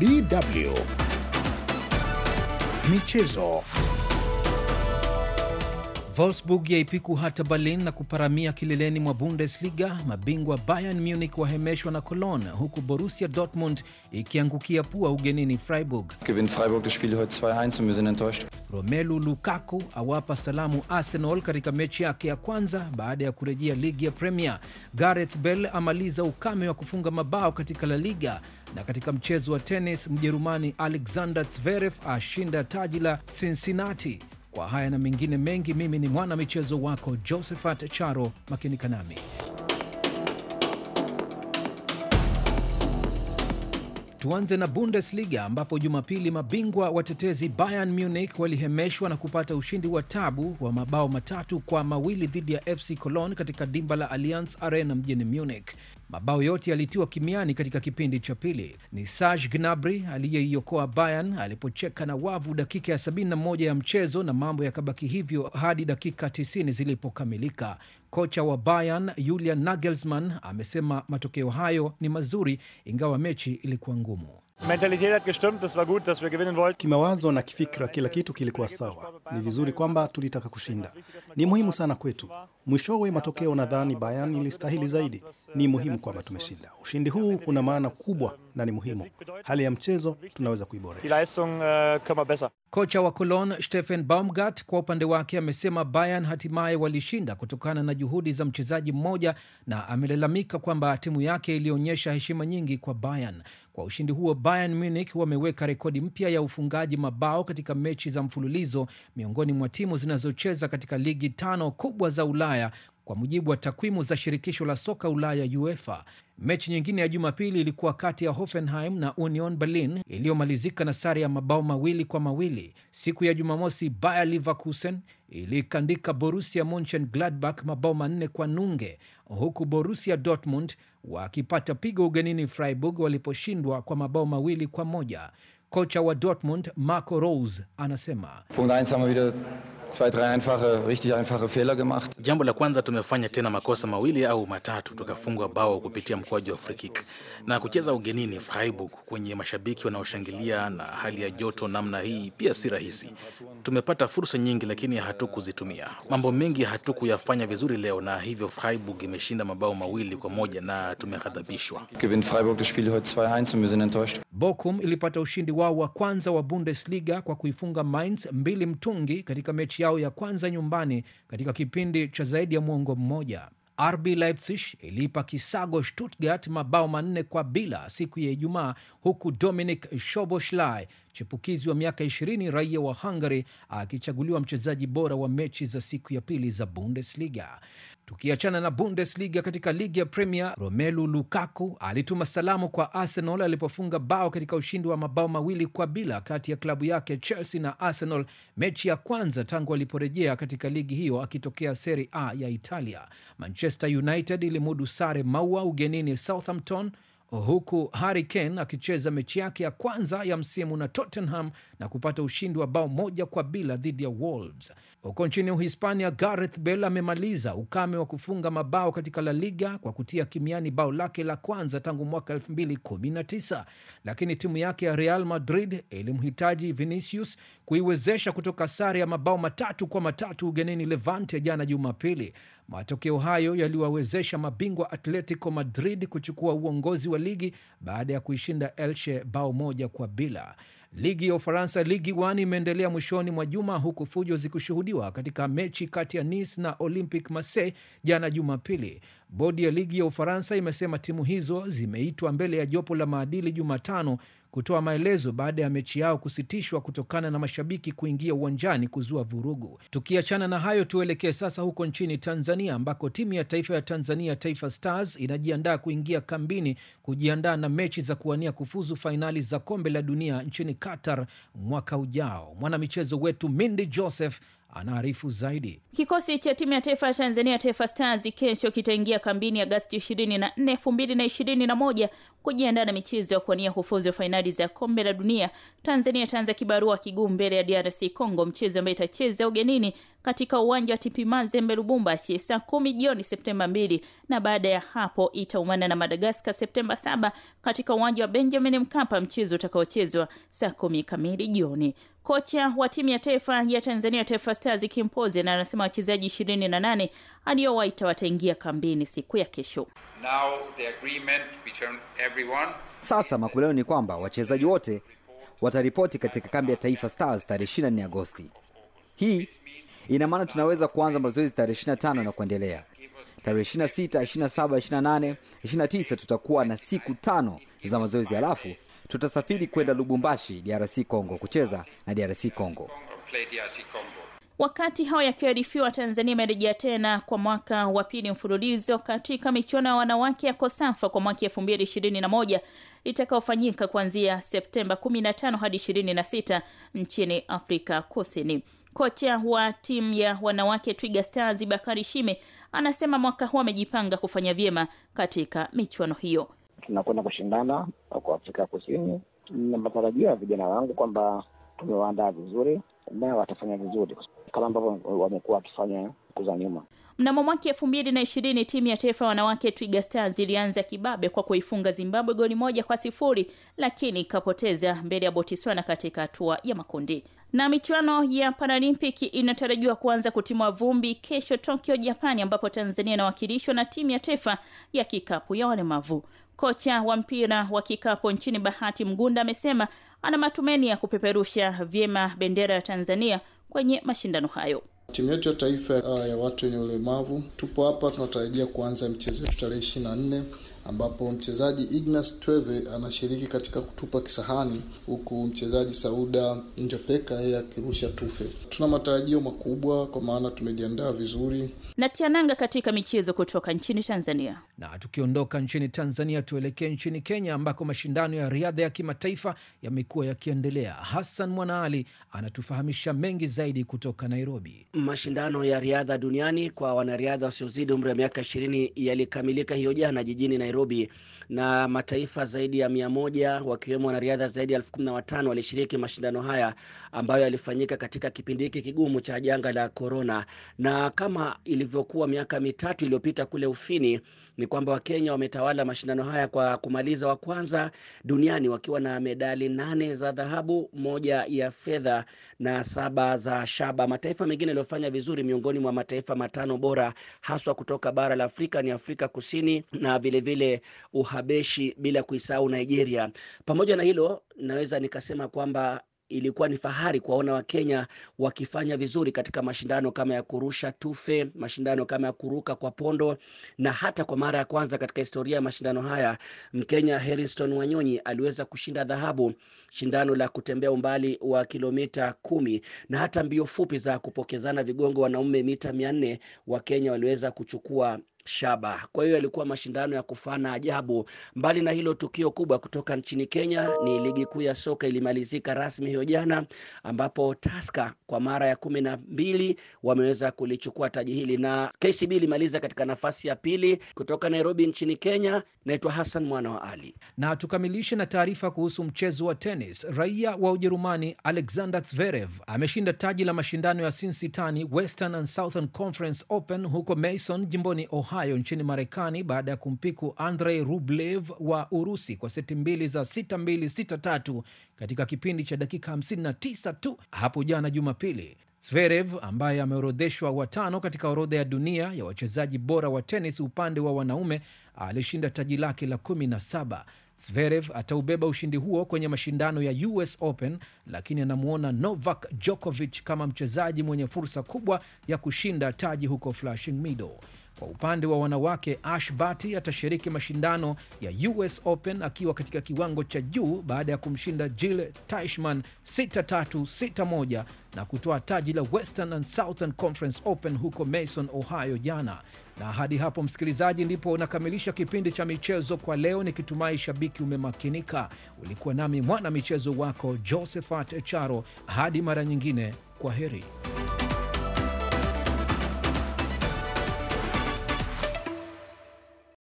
DW Michezo. Wolfsburg yaipiku hata Berlin na kuparamia kileleni mwa Bundesliga. Mabingwa Bayern Munich wahemeshwa na Cologne, huku Borussia Dortmund ikiangukia pua ugenini Freiburg. Gewinnt Freiburg das Spiel heute 2-1 und wir sind enttäuscht. Romelu Lukaku awapa salamu Arsenal katika mechi yake ya kwanza baada ya kurejea ligi ya Premier. Gareth Bale amaliza ukame wa kufunga mabao katika La Liga. Na katika mchezo wa tenis, Mjerumani Alexander Zverev ashinda taji la Cincinnati. Kwa haya na mengine mengi, mimi ni mwana michezo wako Josephat Charo, makini kanami. Tuanze na Bundesliga ambapo Jumapili mabingwa watetezi Bayern Munich walihemeshwa na kupata ushindi wa tabu wa mabao matatu kwa mawili dhidi ya FC Cologne katika dimba la Allianz Arena mjini Munich. Mabao yote yalitiwa kimiani katika kipindi cha pili. Ni Serge Gnabry aliyeiokoa Bayern alipocheka na wavu dakika ya 71 ya mchezo, na mambo yakabaki hivyo hadi dakika 90 zilipokamilika. Kocha wa Bayern Julian Nagelsmann amesema matokeo hayo ni mazuri, ingawa mechi ilikuwa ngumu. Mentalität hat gestimmt, das war gut, dass wir gewinnen wollten. Kimawazo na kifikra kila kitu kilikuwa sawa. Ni vizuri kwamba tulitaka kushinda. Ni muhimu sana kwetu. Mwishowe matokeo nadhani Bayern ilistahili zaidi. Ni muhimu kwamba tumeshinda. Ushindi huu una maana kubwa na ni muhimu. Hali ya mchezo tunaweza kuiboresha. Äh, Kocha wa Cologne Stephen Baumgart kwa upande wake amesema Bayern hatimaye walishinda kutokana na juhudi za mchezaji mmoja, na amelalamika kwamba timu yake ilionyesha heshima nyingi kwa Bayern. Kwa ushindi huo, Bayern Munich wameweka rekodi mpya ya ufungaji mabao katika mechi za mfululizo miongoni mwa timu zinazocheza katika ligi tano kubwa za Ulaya kwa mujibu wa takwimu za shirikisho la soka Ulaya, UEFA, mechi nyingine ya Jumapili ilikuwa kati ya Hoffenheim na Union Berlin iliyomalizika na sare ya mabao mawili kwa mawili. Siku ya Jumamosi, Bayer Leverkusen ilikandika Borussia Monchengladbach mabao manne kwa nunge, huku Borussia Dortmund wakipata pigo ugenini Freiburg waliposhindwa kwa mabao mawili kwa moja. Kocha wa Dortmund Marco Rose anasema Zwei, drei einfache, richtig einfache Fehler gemacht. Jambo la kwanza tumefanya tena makosa mawili au matatu, tukafungwa bao kupitia mkoaji wa frikik na kucheza ugenini Freiburg kwenye mashabiki wanaoshangilia na hali ya joto namna hii pia si rahisi. Tumepata fursa nyingi, lakini hatukuzitumia. Mambo mengi hatukuyafanya vizuri leo, na hivyo Freiburg imeshinda mabao mawili kwa moja na tumeghadhabishwa. ilipata ushindi wao wa kwanza wa Bundesliga kwa kuifunga Mainz mbili mtungi katika mechi yao ya kwanza nyumbani katika kipindi cha zaidi ya mwongo mmoja. RB Leipzig iliipa kisago Stuttgart mabao manne kwa bila siku ya Ijumaa, huku Dominic Szoboszlai chipukizi wa miaka 20 raia wa Hungary akichaguliwa mchezaji bora wa mechi za siku ya pili za Bundesliga. Tukiachana na Bundesliga, katika ligi ya Premier, Romelu Lukaku alituma salamu kwa Arsenal alipofunga bao katika ushindi wa mabao mawili kwa bila kati ya klabu yake Chelsea na Arsenal, mechi ya kwanza tangu aliporejea katika ligi hiyo akitokea Serie A ya Italia. Manchester United ilimudu sare maua ugenini Southampton huku Harry Kane akicheza mechi yake ya kwanza ya msimu na Tottenham na kupata ushindi wa bao moja kwa bila dhidi ya Wolves. Huko nchini Uhispania, Gareth Bale amemaliza ukame wa kufunga mabao katika La Liga kwa kutia kimiani bao lake la kwanza tangu mwaka 2019 lakini timu yake ya Real Madrid ilimhitaji Vinicius kuiwezesha kutoka sare ya mabao matatu kwa matatu ugenini Levante jana Jumapili. Matokeo hayo yaliwawezesha mabingwa Atletico Madrid kuchukua uongozi wa ligi baada ya kuishinda Elche bao moja kwa bila. Ligi ya Ufaransa, Ligi One, imeendelea mwishoni mwa juma huku fujo zikishuhudiwa katika mechi kati ya Nice na Olympic Marseille jana Jumapili. Bodi ya ligi ya Ufaransa imesema timu hizo zimeitwa mbele ya jopo la maadili Jumatano kutoa maelezo baada ya mechi yao kusitishwa kutokana na mashabiki kuingia uwanjani kuzua vurugu. Tukiachana na hayo, tuelekee sasa huko nchini Tanzania ambako timu ya taifa ya Tanzania Taifa Stars inajiandaa kuingia kambini kujiandaa na mechi za kuwania kufuzu fainali za kombe la dunia nchini Qatar mwaka ujao. Mwanamichezo wetu Mindi Joseph anaarifu zaidi. Kikosi cha timu ya taifa ya Tanzania, Taifa Stars, kesho kitaingia kambini Agasti ishirini na nne elfu mbili na ishirini na moja kujiandaa na michezo ya kuwania kufuzi wa fainali za kombe la dunia. Tanzania itaanza kibarua kiguu mbele ya DRC Congo, mchezo ambaye itacheza ugenini katika uwanja wa tipimazembe Mazembe Lubumbashi saa kumi jioni Septemba mbili, na baada ya hapo itaumana na Madagaskar Septemba saba katika uwanja wa Benjamin Mkapa, mchezo utakaochezwa saa kumi kamili jioni. Kocha wa timu ya taifa ya Tanzania Taifa Stars kimpoze na anasema wachezaji ishirini na nane aliyowaita wataingia kambini siku ya kesho. Now the Sasa makubaliano ni kwamba wachezaji wote wataripoti katika kambi ya Taifa Stars tarehe 24 Agosti. Hii ina maana tunaweza kuanza mazoezi tarehe 25 na kuendelea tarehe ishirina nane ishirina tisa tutakuwa na siku tano za mazoezi halafu tutasafiri kwenda lubumbashi drc congo kucheza na drc congo wakati hao yakiarifiwa tanzania imerejea tena kwa mwaka wa pili mfululizo katika michuano ya wanawake ya kosafa kwa mwaka elfu mbili ishirini na moja itakaofanyika kuanzia septemba kumi na tano hadi ishirini na sita nchini afrika kusini kocha wa timu ya wanawake twiga stars bakari shime anasema mwaka huu amejipanga kufanya vyema katika michuano hiyo. Tunakwenda kushindana kwa Afrika Kusini na matarajio ya vijana wangu kwamba tumewaandaa vizuri na watafanya vizuri kama ambavyo wamekuwa wakifanya kuza nyuma. Mnamo mwaka elfu mbili na ishirini timu ya taifa wanawake Twiga Stars ilianza kibabe kwa kuifunga Zimbabwe goli moja kwa sifuri lakini ikapoteza mbele ya botiswana katika hatua ya makundi. Na michuano ya Paralympic inatarajiwa kuanza kutimwa vumbi kesho Tokyo, Japani, ambapo Tanzania inawakilishwa na timu ya taifa ya kikapu ya walemavu. Kocha wa mpira wa kikapu nchini Bahati Mgunda amesema ana matumaini ya kupeperusha vyema bendera ya Tanzania kwenye mashindano hayo. Timu yetu ya taifa uh, ya watu wenye ulemavu tupo hapa, tunatarajia kuanza mchezo wetu tarehe ishirini na nne ambapo mchezaji Ignas Tweve anashiriki katika kutupa kisahani, huku mchezaji Sauda Njopeka yeye akirusha tufe. Tuna matarajio makubwa kwa maana tumejiandaa vizuri. na tiananga katika michezo kutoka nchini Tanzania. Na tukiondoka nchini Tanzania, tuelekee nchini Kenya ambako mashindano ya riadha ya kimataifa yamekuwa yakiendelea. Hassan Mwanaali anatufahamisha mengi zaidi kutoka Nairobi. Mashindano ya riadha duniani kwa wanariadha wasiozidi umri wa miaka ishirini yalikamilika hiyo jana jijini Nairobi, na mataifa zaidi ya mia moja wakiwemo wanariadha zaidi ya elfu kumi na watano walishiriki mashindano haya ambayo yalifanyika katika kipindi hiki kigumu cha janga la korona, na kama ilivyokuwa miaka mitatu iliyopita kule Ufini ni kwamba Wakenya wametawala mashindano haya kwa kumaliza wa kwanza duniani wakiwa na medali nane za dhahabu, moja ya fedha na saba za shaba. Mataifa mengine yaliyofanya vizuri miongoni mwa mataifa matano bora haswa kutoka bara la Afrika ni Afrika Kusini na vilevile vile Uhabeshi, bila kuisahau Nigeria. Pamoja na hilo, naweza nikasema kwamba ilikuwa ni fahari kuwaona Wakenya wakifanya vizuri katika mashindano kama ya kurusha tufe, mashindano kama ya kuruka kwa pondo, na hata kwa mara ya kwanza katika historia ya mashindano haya Mkenya Herinston Wanyonyi aliweza kushinda dhahabu shindano la kutembea umbali wa kilomita kumi, na hata mbio fupi za kupokezana vigongo wanaume mita mia nne Wakenya waliweza kuchukua shaba. Kwa hiyo yalikuwa mashindano ya kufana ajabu. Mbali na hilo tukio kubwa kutoka nchini Kenya ni ligi kuu ya soka ilimalizika rasmi hiyo jana, ambapo Tusker kwa mara ya kumi na mbili wameweza kulichukua taji hili, na KCB ilimaliza katika nafasi ya pili. Kutoka Nairobi nchini Kenya, naitwa Hassan mwana wa Ali, na tukamilishe na taarifa kuhusu mchezo wa tenis. Raia wa Ujerumani Alexander Zverev ameshinda taji la mashindano ya Cincinnati Western and Southern Conference Open huko Mason, jimboni Ohio hayo nchini Marekani baada ya kumpiku Andrei Rublev wa Urusi kwa seti mbili za 6-2 6-3 katika kipindi cha dakika 59 tu hapo jana Jumapili. Zverev ambaye ameorodheshwa watano katika orodha ya dunia ya wachezaji bora wa tenis upande wa wanaume alishinda taji lake la 17. Zverev ataubeba ushindi huo kwenye mashindano ya US Open, lakini anamwona Novak Djokovic kama mchezaji mwenye fursa kubwa ya kushinda taji huko Flushing Meadows. Kwa upande wa wanawake, Ash Barty atashiriki mashindano ya US Open akiwa katika kiwango cha juu baada ya kumshinda Jill tishman 6-3 6-1 na kutoa taji la Western and Southern Conference Open huko Mason, Ohio jana. Na hadi hapo msikilizaji, ndipo unakamilisha kipindi cha michezo kwa leo, nikitumai shabiki umemakinika. Ulikuwa nami mwana michezo wako Josephat Charo. Hadi mara nyingine, kwa heri.